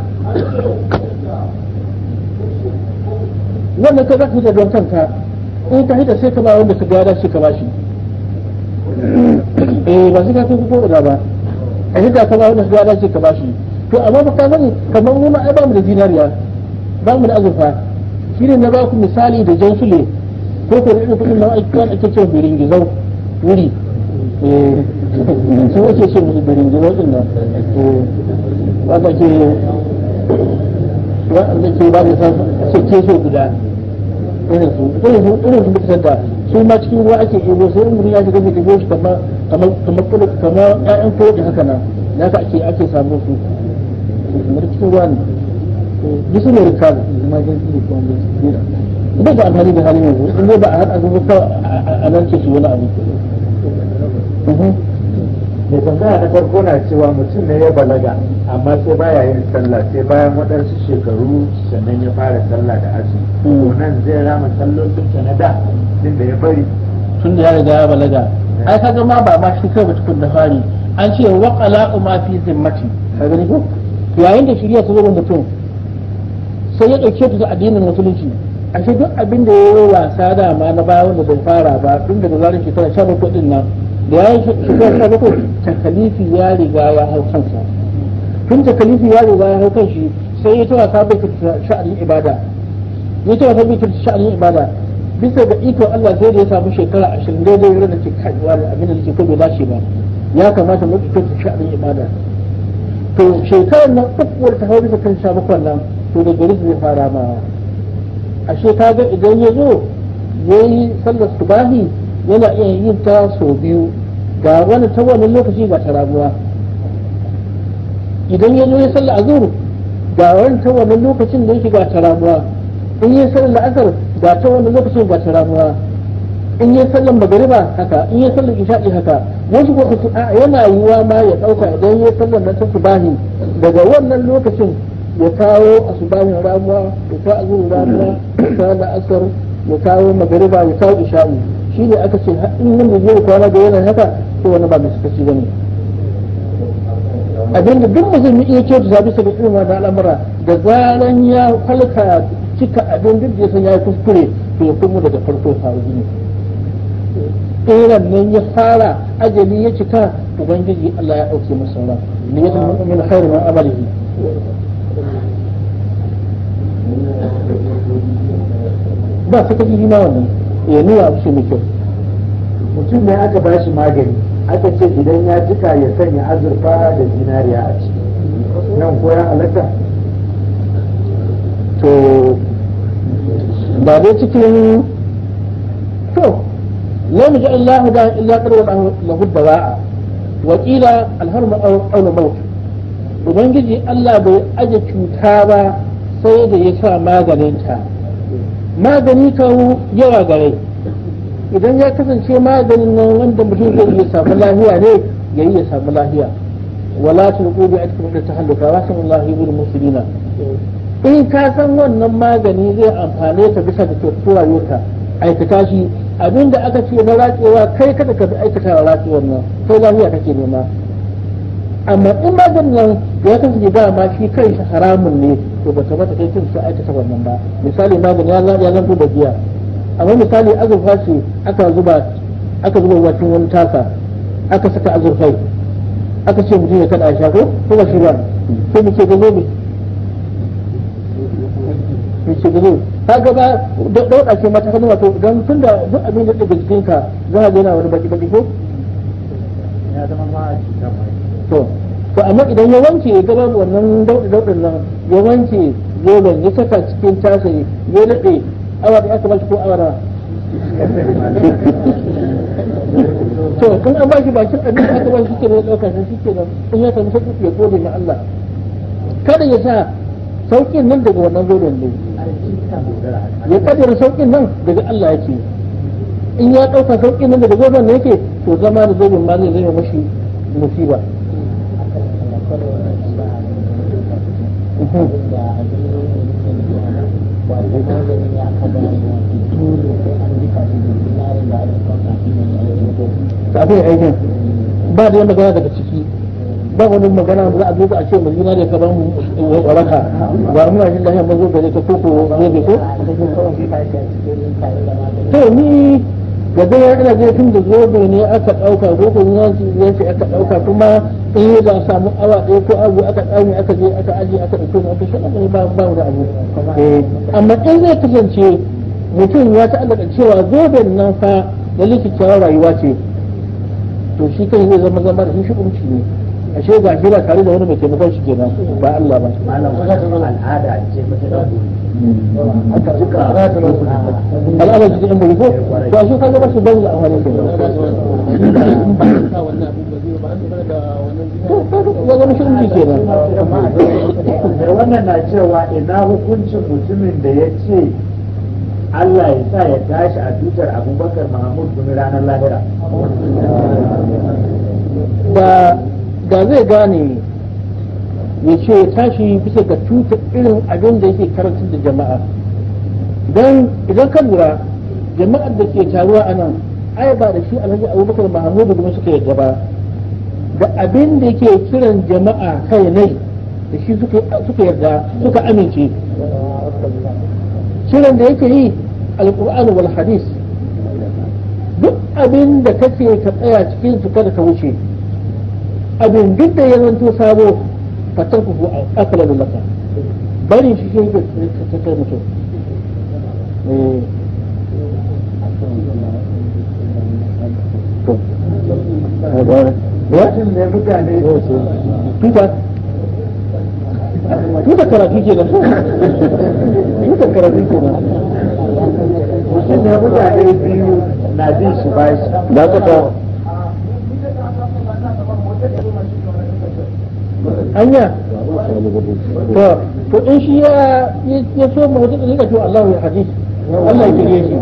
wannan ka zaka hita don kanka in ka hita sai ka ba wanda ka gada shi ka ba shi [clears throat] eh ba sai ka kai ko da ba a hita ka ba wanda ka gada shi ka ba shi to amma ba ka bane kamar mu ma ai ba mu da zinariya ba mu da azurfa shine na ba ku misali da jansule ko ko da irin kudin da ake cewa biringizau wuri eh su ake ce musu biringi waɗannan wanda ke wanda ke ba da san sake so guda irin su irin su mutu da su ma cikin ruwa ake ɗebo sai in ya shiga mai shi kamar kamar kamar kamar ƴaƴan ko da haka nan da haka ake ake samu su kamar cikin ruwa ne bisu ne rikabu zama jinsi ne kuma jinsi ne bai da amfani da halin yanzu ba a haɗa zuwa a nan ce su wani abu mhm. mai tambaya na farko na cewa mutum ne ya balaga amma sai baya yin sallah sai bayan waɗansu shekaru sannan ya fara sallah da aji. ko nan zai rama sallolin na da din da ya bari tun da ya riga ya balaga ai kaga ma ba ma shi kai mutum da fari an ce qala'u ma fi zimmati ka gani ko yayin da shirya ta zuwa mutum sai ya dauke ta addinin musulunci ashe duk abin da ya yi wasa dama na baya wanda bai fara ba tun daga zarin shekara 17 din nan da ya yi sa bakwai takalifi ya riga ya hau kansa tun takalifi ya riga ya hau kanshi sai ya tura sabaitar sha'anin ibada ya tura sabaitar sha'anin ibada bisa ga ikon Allah sai da ya samu shekara ashirin daidai wurin da ke kaɗuwa da abin da ke ko bai dace ba ya kamata mu kyautar sha'anin ibada to shekarar nan ukuwar ta hau bisa kan sha bakwai nan to da gari zai fara ma A ka idan ya zo ya yi sallar subahi yana iya yin ta sau biyu ga wani ta wannan lokaci ga ta rabuwa idan ya zo ya salla zuru ga wani ta wannan lokacin da yake ga ta rabuwa in ya salla asar ga ta wannan lokacin ga ta rabuwa in ya sallan magariba haka in ya sallan isha'i haka wasu lokaci yana yiwuwa ma ya dauka idan ya salla na ta subahi daga wannan lokacin ya kawo a asubahin ramuwa ya kawo azurin ramuwa ya kawo asar ya kawo magariba ya kawo isha'i shi ne aka ce in nan da zai kwana da yana haka ko wani ba mai kashi gani abin da duk musulmi iya ta bisa da irin da al'amura da zaran ya falka cika abin duk da ya kuskure to ya kuma daga farko faru gini tseren nan ya fara ajali ya cika ubangiji Allah ya auke masa ran ne ya zama min khairu min amalihi ba sakaci ma wannan Eh, ya nuna ce mai kyau mutum ne aka ba shi magani aka ce idan ya cika ya sanya azurfa da zinariya a ciki nan ko ya alaka to ba dai cikin to لا نجعل الله ده إلا قروا له الدواء وقيل الهرم أو أو الموت وبنجي maganin ta. magani kawo yawa ga rai idan ya kasance maganin nan wanda mutum zai iya samu lahiya ne ya iya samu lahiya wala tulqu a cikin ta tahalluka wa lahi bil musulina in ka san wannan magani zai amfane ka bisa da tsofuwa yota aikata shi abinda aka ce na ratsewa kai kada ka bi aikata ratsewar nan sai lahiya kake nema amma in maganin nan ya kasance dama shi shi haramun ne to ba kamata kai kin aika aikata wannan ba misali maganin ya ya zanto da giya amma misali azurfa ce aka zuba aka zuba wacin wani tasa aka saka azurfai aka ce mutum ya kada sha ko ko ba shi ba sai mu ce ga zo mu ce ga zo kaga ba dauka ce mata kan wato dan tunda duk abin da cikin ka za ka ga yana wani baki baki ko ya zama ma a cikin to to amma idan ya wanke ya gaba wannan daudin daudin nan ya wanke zoben ya saka cikin tasa ya daɗe awa da aka bashi ko awa da [laughs] to kun an shi bakin abin da aka bashi shi ke ne ɗauka shi shi ke nan in ya samu sauƙi ya gode ma Allah kada ya sa sauƙin nan daga wannan zoben ne ya kadar sauƙin nan daga Allah ya ce in ya ɗauka sauƙin nan daga zoben ne yake to zama da zoben ma zai zama mashi musiba kafin aikin ba da wani magana daga ciki ba wani magana za a zo a ce mai imani ka ba mu eh, waraka ba mu na jin lafiya zo gare ka ko ko zai ko to ni wajen ya ina zai tun da zobe ne aka ɗauka gogon ya ce aka ɗauka kuma in yi ba samu awa ɗaya ko abu aka ɗauki aka je aka aji aka ɗauki ne aka shaɗa ne ba wani abu eh. amma in zai kasance mutum ya ta'allaka cewa zoben nan fa da likita rayuwa ce to shi kai zai zama zama da shi shi ne ashe ga shi ba tare da wani mai taimakon shi kenan ba Allah ba ta zama al'ada ce da haka duka al'ada ba zama na cewa ina hukuncin mutumin da ya ce Allah ya sa ya tashi a tutar abubakar mahamud ranar lahira da zai gane ya ce ya tashi bisa ga cuta irin abin da yake karantar da jama'a don idan ka lura jama'ar da ke taruwa a nan ai ba da shi alhaji abubakar mahamudu kuma suka yadda ba da abin da yake kiran jama'a kai nai da shi suka yarda suka amince kiran da yake yi alkur'an wal hadis duk abin da kake ka tsaya cikin su kada ka wuce abin duk da ya zanto sabo fatan ku akala da laka bari shi shi ka kai mutum eh. tuba tuba karatu ke nan tuba karatu ke nan mutum ne mutane biyu na shi ba shi anya to in shi ya ya so mu wata dalila to Allah ya haji Allah ya kire shi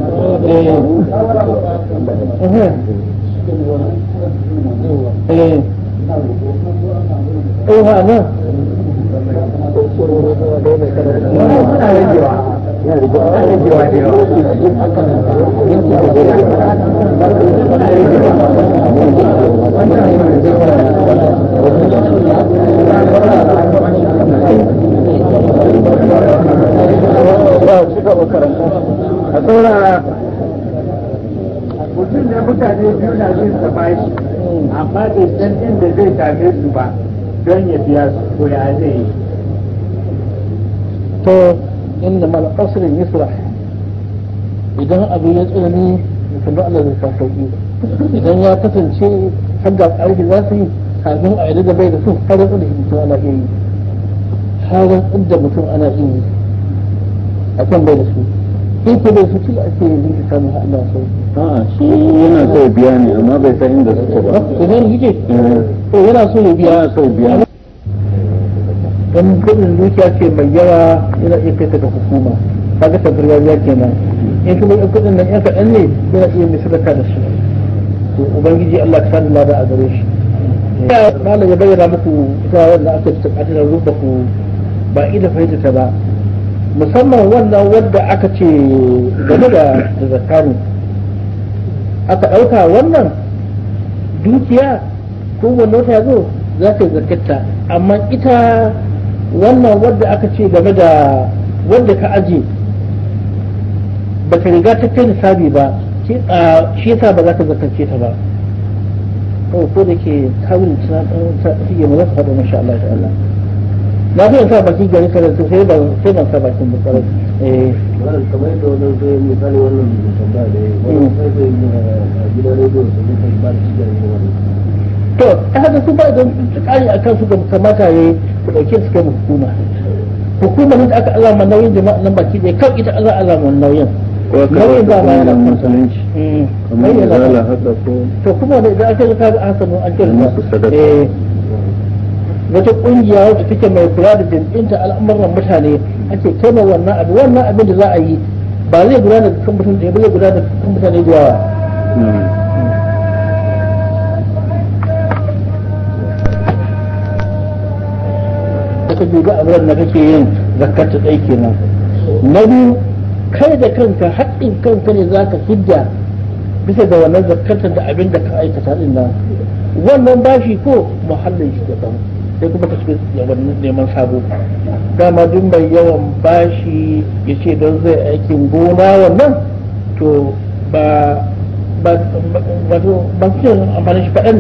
eh eh eh ha na a saurara mutum da mutane biyu na jin sa bashi amma bai san inda zai tafe su ba don ya biya su ko ya zai yi to inda mal qasrin yusra idan abu ya tsanani mutum da Allah zai sa sauki idan ya kasance har da za su yi kafin a yarda da bai da su har da mutum ana iya yi har da mutum ana iya yi a kan bai da su in bai su ci a ce yanzu ka samu Allah sauki a'a shi yana biya ne amma bai san ba biya in kudin zuciya ce mai yawa yana iya kai daga hukuma kaga tabar yariya kenan in kuma in kudin nan yan kaɗan ne yana iya mai sadaka da su to ubangiji Allah ta sani lada a gare shi malam ya bayyana muku ita wanda aka ci takatirar ruba ku ba ida fahimta ta ba musamman wannan wanda aka ce game da zakani aka ɗauka wannan dukiya ko wani wata zo za ka yi zakatta amma ita wannan wadda aka ce game da wadda ka aje baka riga ta kai nisabi ba shi yasa ba za ka zakarce ta ba kawai ko da ke kawun ta fiye mu za su faɗo masha Allah ta'ala na fi sa baki gari ka da sai ban sai ban sa bakin ba kwarai eh kamar yadda wannan zai misali wannan tambaya da ya yi, wannan sai hmm. zai eh, gidan rediyo su ne kai ba shi da to ta haka su ba don a akan su ga kamata yayi ku dauke su kai hukuma hukumar da aka alama nauyin jama'a nan baki ne kan ita Allah alama nauyin nauyin ba bayan da musulunci mm. kamar yana haka ko to kuma da idan aka zaka haka mun an kira eh wata kungiya wacce take mai kula da jam'inta al'amuran mutane ake kema wannan abu wannan abin da za a yi ba zai gudana da kan mutane da ba zai gudana da kan mutane da yawa hmm. ta ba abin da kake yin zakar ta kenan na biyu kai da kanka haɗin kanka ne za ka hidda bisa ga wannan zakatar da abin da ka aikata din nan wannan bashi ko muhallin shi da kan sai kuma ka shiga yawan neman sabo dama duk mai yawan bashi ya ce don zai aikin gona wannan to ba ba ba ba ba ba ba ba ba amfani shi kaɗan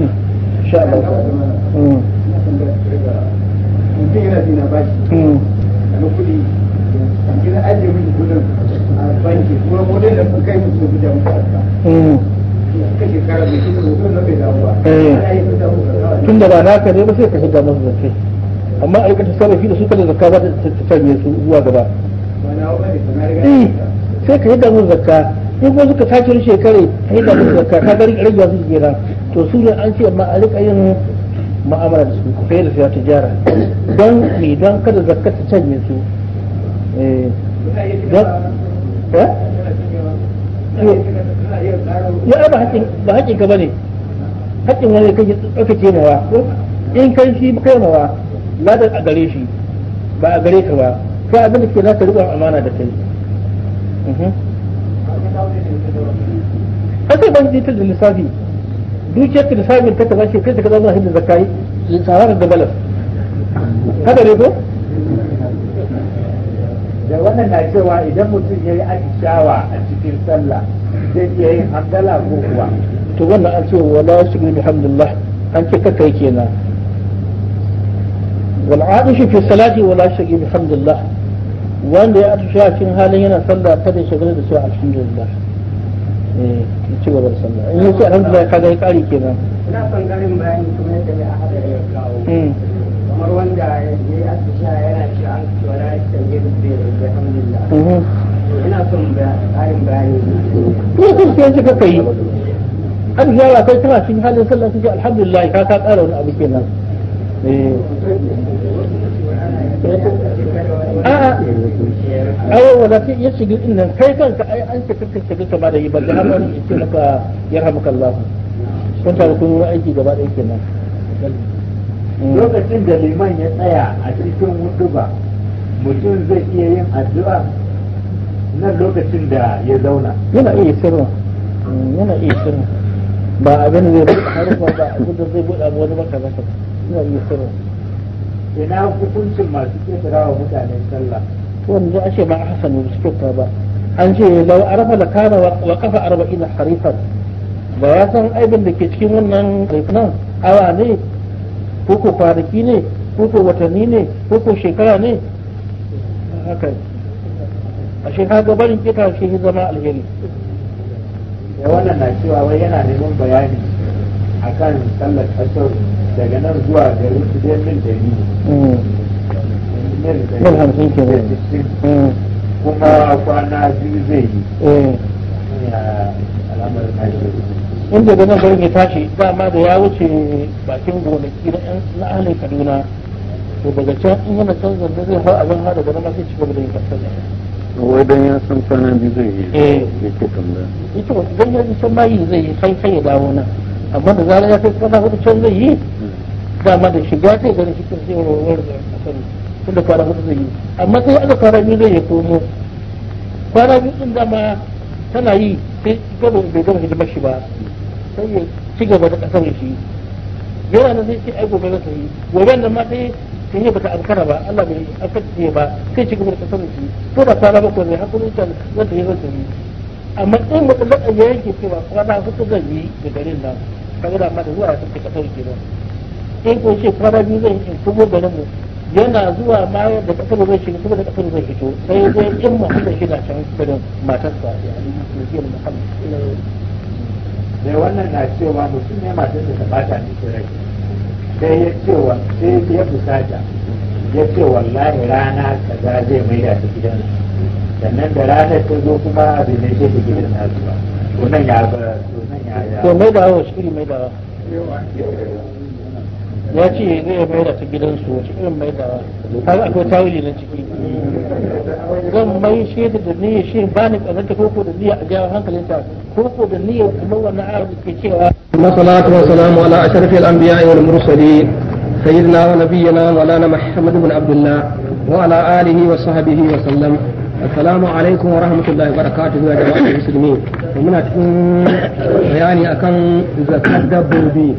ne insha Allah hmm. mutum na hmm. da hmm. ba eh. da ba naka ne ba sai ka shiga masu zafi amma a sarrafi da su kada zakka za ta canye su zuwa gaba eh, sai ka yi damun zakka in kuma suka sace shekare ka yi damun zakka ka rage su to su ne an ce ma a rika yin ma'amala da su ku kai da ya tijara don me don kada zakka ta canje su ya eh, eh? eh, ba haƙin ba haƙin ka bane haƙin wani kai tsaka ce mawa in kai shi kai mawa ladar a gare shi ba a gare ka ba kai abin da ke za ka riƙon amana da kai mhm. kai ban ta da lissafi dukiyar ka nisabin ta kaza shekarar kaza zuwa hidda zakai tsarar da balas haka ne ko da wannan na cewa idan mutum ya yi atishawa a cikin sallah zai iya yin hamdala ko kuwa to wannan an ce wala shukri bihamdillah an ce kai kenan wal aishu fi salati wala shukri bihamdillah wanda ya atishawa cikin halin yana sallah kada ya shagala da cewa alhamdulillah Eh, ci gaba da sallah in yake mm. eh, alhamdulillah kaga ya kare kenan ina son bayani kuma yadda mai ya kawo kamar wanda ya yi yana cewa an ya da alhamdulillah ina son bayani ne an kai tana cikin halin sallah suke alhamdulillah ka ka kara wani abu kenan eh a'a ai wala ce ya shiga din nan kai kanka ai an ce kanka shiga kama da yi ba, balle har wani ce maka yarhamuka Allah kun tare kun aiki gaba ɗaya kenan lokacin da liman ya tsaya a cikin wuduba mutum zai iya yin addu'a na lokacin da ya zauna yana iya sirrin yana iya sirrin ba abin zai buɗe harfa ba abin da zai buɗe wani ba kaza kaza yana iya sirrin ina hukuncin masu ketara wa mutane sallah wanda a ce ba a hasanu ba su ba an ce lau arfa da kana wa kafa arba'in harifan ba ya san aibin da ke cikin wannan harifunan awa ne ko ko kwanaki ne ko ko watanni ne ko ko shekara ne haka a shekara barin kita shi zama alheri da wannan na cewa wai yana neman bayani akan sallar kasar daga nan zuwa garin su zai mil dari hmm. mil hmm. kuma kwana biyu zai yi eh. inda da nan garin ya tashi dama da ya wuce bakin gonaki na ala kaduna to daga can in yana canza zanda zai hau abin hada da masu ci gaba da yin kasar wai dan ya san kwana biyu zai yi eh. ya ke tambaya ita wata dan ya san zai yi kai kai ya dawo nan amma da zarar ya kai kwana hudu can zai yi dama da shiga zai gani cikin sai warwar da asali kwana hudu zai yi amma sai aka kwana biyu zai ya komo kwana biyu din dama tana yi sai gaba bai gama hidimar shi ba sai ya ci gaba da kasar shi yana nan sai ce ai gobe za ta yi gobe nan ma sai sai ya bata ankara ba Allah bai afkace ba sai ci gaba da kasar shi ko da kwana bakwai ne ta za ta yi za ta yi amma in mutum da ya yanke cewa kwana hudu zai yi da garin nan kaga da amma da zuwa ce kasar ba sai ko ce kwana biyu zai in shigo garin mu yana zuwa ma da kasar zai shi kuma da kasar zai fito sai ya zai in ma da shi na can garin sa ya yi muhammad sai wannan na cewa mutum ne matar da ta bata ne rai sai ya cewa sai ya fusata ya ce wallahi rana kaza zai mai da ta gidan sannan da ranar ta zo kuma abin da ke gidan na zuwa wannan ya ba wannan ya ya to mai da wa shi mai da wa ya ce zai mai da ta gidansu wace irin mai da har akwai tawili na ciki zan mai shaida da niyya shi ba ni kazanta koko da niyya a jawo hankalinta koko da niyya kuma wannan ayar da ke cewa salatu wa salamu ala ashrafil anbiya wal mursalin sayyidina wa nabiyyina maulana muhammad ibn abdullah wa ala alihi wa sahbihi wa sallam assalamu alaikum wa rahmatullahi wa barakatuhu ya jama'ar musulmi muna cikin bayani akan zakat dabbobi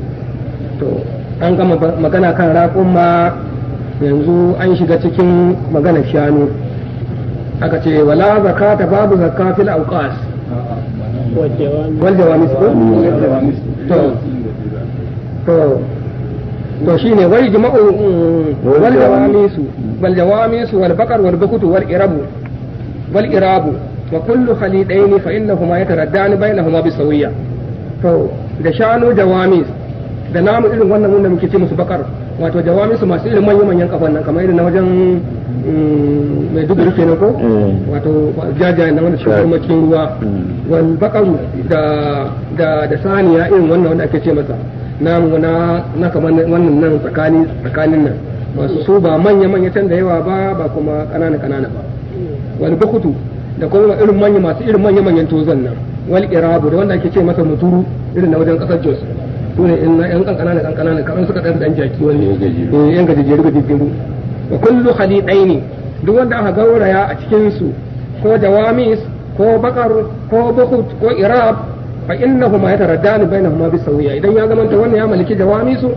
to an gama magana kan ma yanzu an shiga cikin magana shanu aka ce wala ta babu zakka fil auqas wal jawamis ko to to to shine mm, wal jama'u wal jawamis wal jawamis wal bakar wal bukutu wal irabu wal irabu wa kullu khalidaini fa innahuma yataraddani bainahuma bisawiyya to da shanu jawamis da namu irin wannan wanda muke ce musu bakar wato jawami su masu irin manyan manyan kafan nan kamar irin na wajen mm, mai duguri kenan ko mm. wato jajaye na wanda cikin makin ruwa mm. wani bakaru da da da saniya irin wannan wanda ake ce masa namu na na kamar wannan nan tsakani tsakanin nan masu su ba manya manya can da yawa ba ba kuma kanana kanana ba wani bukutu da kuma irin manya masu irin manya manyan tozan nan wal irabu da wanda ake ce masa muturu irin na wajen kasar Jos su ne in yan kankana ne kankana ne kaɗan suka ɗan jaki wani eh, yan gajejeru gajejeru wa kullu khalidaini duk wanda aka gauraya a cikin su ko jawamis ko bakar ko bukhut ko irab fa innahu ma yataraddanu bainahuma bisawiya idan ya zamanta wannan ya maliki jawamisu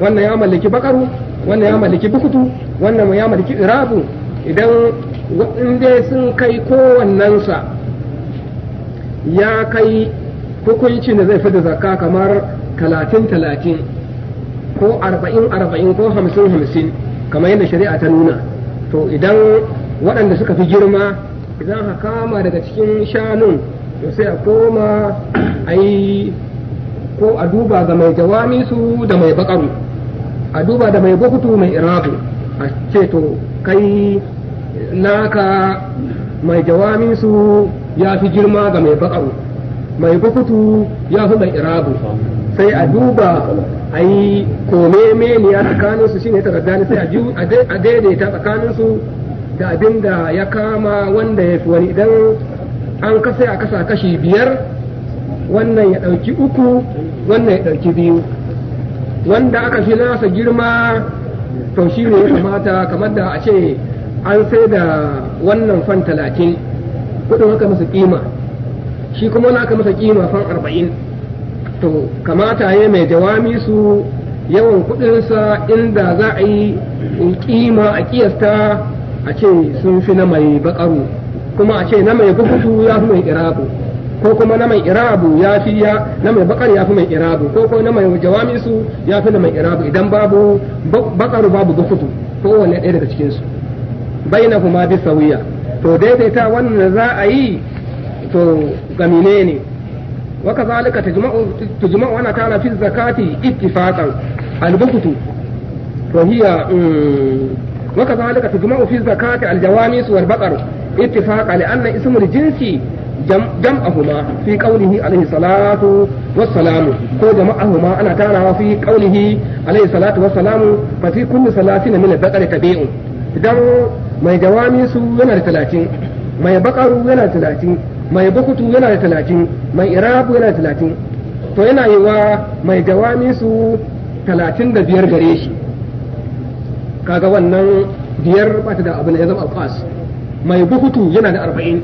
wannan ya maliki bakaru wannan ya maliki bukutu wannan ya maliki irabu idan inda sun kai sa ya kai hukuncin da zai fi da zakka kamar talatin talatin ko arba'in arba'in ko hamsin hamsin kamar yadda shari'a ta nuna to idan waɗanda suka fi girma idan ha kama daga cikin shanun to sai a koma a yi ko a duba ga mai jawami su da mai bakaru a duba da mai bukutu mai irabu a ce to kai naka mai jawami su ya fi girma ga mai bakaru mai bukutu ya fi mai irabu sai a duba a yi kome meniya tsakanin su shine taraddani sai a daidaita tsakaninsu da abin da ya kama wanda ya fi wani idan an kasa a kasa kashi biyar wannan ya ɗauki uku wannan ya ɗauki biyu wanda aka fi nasa girma to shi ne ya kamata kamar da a ce an sai da wannan fan talatin kudin haka masa kima shi kuma wani aka masa kima fan arba'in to kamata ya mai jawami su yawan kudinsa inda za a yi kima a kiyasta a ce sun fi na mai bakaru kuma a ce na mai bukutu ya fi mai irabu ko kuma na mai irabu ya fi ya na mai bakar ya fi mai irabu ko kuma na mai jawami su ya fi na mai irabu idan babu bakaru babu bukutu ko wani ɗaya daga cikin su baina kuma bi wuya. to daidaita wannan za a yi to gamine ne وكذلك تجمع تجمع وانا تعالى في الزكاة اتفاقا البغت وهي وكذلك تجمع في الزكاة الجوانس والبقر اتفاقا لأن اسم الجنس جمعهما في قوله عليه الصلاة والسلام كو جمعهما أنا كان في قوله عليه الصلاة والسلام ففي كل ثلاثين من البقر تبيع إذا ما جوانس ولا ثلاثين ما بقر ولا ثلاثين mai bukutu yana da talatin mai irabu yana da talatin to yana yi wa mai jawami su talatin da biyar gare shi kaga wannan biyar bata da abin da ya zama alfas mai bukutu yana da arba'in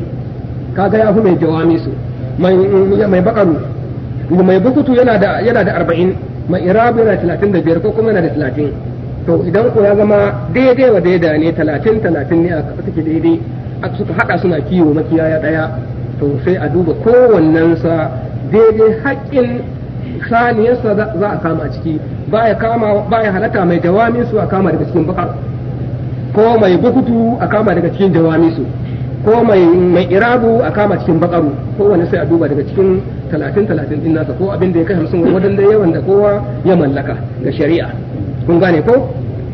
kaga ya fi mai jawami su mai bakaru mai bukutu yana da arba'in mai irabu yana da talatin da biyar ko kuma yana da talatin to idan ko ya zama daidai wa daidai ne talatin talatin ne a suke daidai suka haɗa suna kiwo makiyaya ɗaya to sai a duba kowannensa daidai haƙƙin saniyarsa za a kama a ciki ba kama halata mai jawami su a kama daga cikin bakar ko mai bukutu a kama daga cikin jawami su ko mai mai irabu a kama cikin bakaru ko wani sai a duba daga cikin talatin talatin din nasa ko abin da ya kai hamsin wadanda yawan da kowa ya mallaka ga shari'a kun gane ko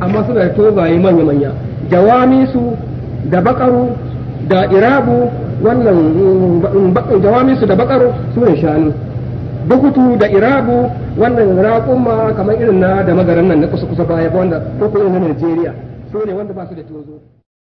amma suna da tozaye manya-manya jawamisu da bakaru da irabu wannan mm, mm, jawamisu da bakaru su ne shanu bukutu da irabu wannan raƙuma kamar irin na da magaran nan na kusa-kusa baya wanda ko irin na Najeriya su ne wanda ba su da tozo